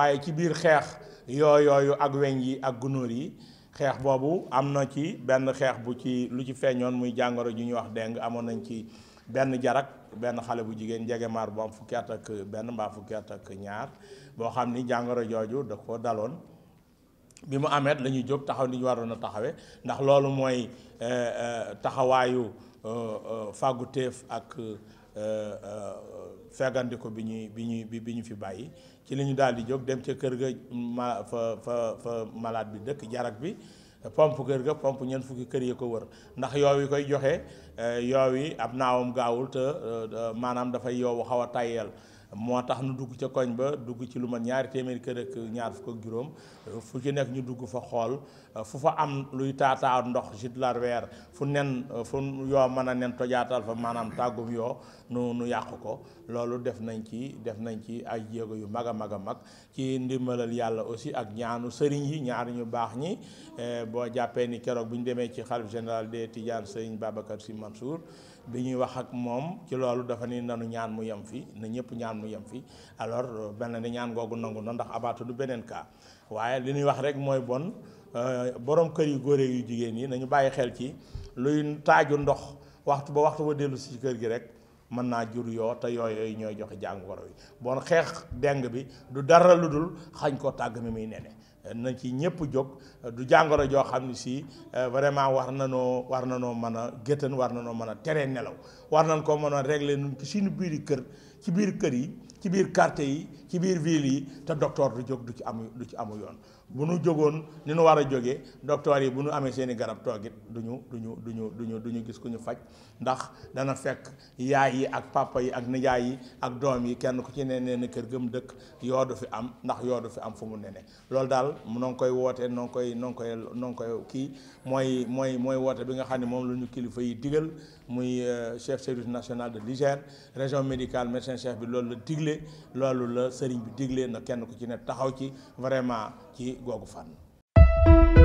waaye ci biir xeex yooyu ak weñ yi ak gunóor yi xeex boobu am na ci benn xeex bu ci lu ci feeñoon muy jàngoro ju ñuy wax déng amoon nañ ci benn jarak benn xale bu jigéen njegemaar bu am fukki at ak benn mbaa fukki at ak ñaar boo xam ni jàngoro jooju da ko daloon bi mu amee la ñuy jóg taxaw ni ñu waroon a taxawe ndax loolu mooy eh, eh, taxawaayu euh, euh, fàggu ak Euh, euh, feggandiku bi ñuy bi ñuy bi ñu fi bàyyi ci li ñu daal di jóg dem ca kër ga ma fa fa bi dëkk jarak bi pompe kër ga pompe ñeent fukki kër yi ko wër ndax yoow yi koy joxe euh, yoow yi ab naawam gaawul te maanaam dafay yoowu xaw a tayyal moo tax nu dugg ca koñ ba dugg ci lu ma ñaari téeméeri kër ak ñaar fukk ak juróom fu ci nekk ñu dugg fa xool fu fa am luy taataa ndox gîte larvaire fu nen fu yoo mën a nen tojaatal fa maanaam tàggum yoo nu nu yàq ko loolu def nañ ci def nañ ci ay jéego yu mag a mag a mag ci ndimbalal yàlla aussi ak ñaanu sëriñ yi ñaar ñu baax ñi eh, boo jàppee ni keroog bi ñu demee ci xal général des Tidiane sëriñ Babacar Sy Mansour bi ñuy wax ak moom ci loolu dafa ni nanu ñaan yem fi ñaan mu yem fi alors euh, mel na ni ñaan googu nangu na ndax abaatu du beneen cas waaye li ñuy wax rek mooy bon euh, borom kër yu góor yu jigéen yi nañu bàyyi xel ci luy taaju ndox waxtu ba waxtu ba dellu si kër gi rek mën naa jur yoo te yooyu ñooy joxe jàngoro yi bon xeex deng bi du dara lu dul xañ ko tàgg mi muy nene na ci ñëpp jóg du jàngoro joo xam ne si euh, vraiment war na war na noo mën a géttan war na noo mën a tere nelaw war nañ ko mën a régler nun kër ci biir kër yi ci biir quartier yi ci biir ville yi te docteur du jóg du ci amu du ci amu yoon bu nu jógoon ni nu war a jóge docteur yi bu nu amee seen i garab toogit du ñu du ñu du ñu du ñu du ñu gis ku ñu faj ndax dana fekk yaay yi ak papa yi ak nijaay yi ak doom yi kenn ku ci ne neen na kër gëm dëkk yoo du fi am ndax yoo du fi am fu mu nene loolu daal noo ngi koy wootee noo koy noo ngi koy koy kii mooy mooy mooy woote bi nga xam ne moom lu ñu kilifa yi digal muy euh, chef service national de l'hygiène région médical médecin chef bi loolu la digle loolu la sëriñ bi digle na kenn ku ci ne taxaw ci vraiment ci googu fànn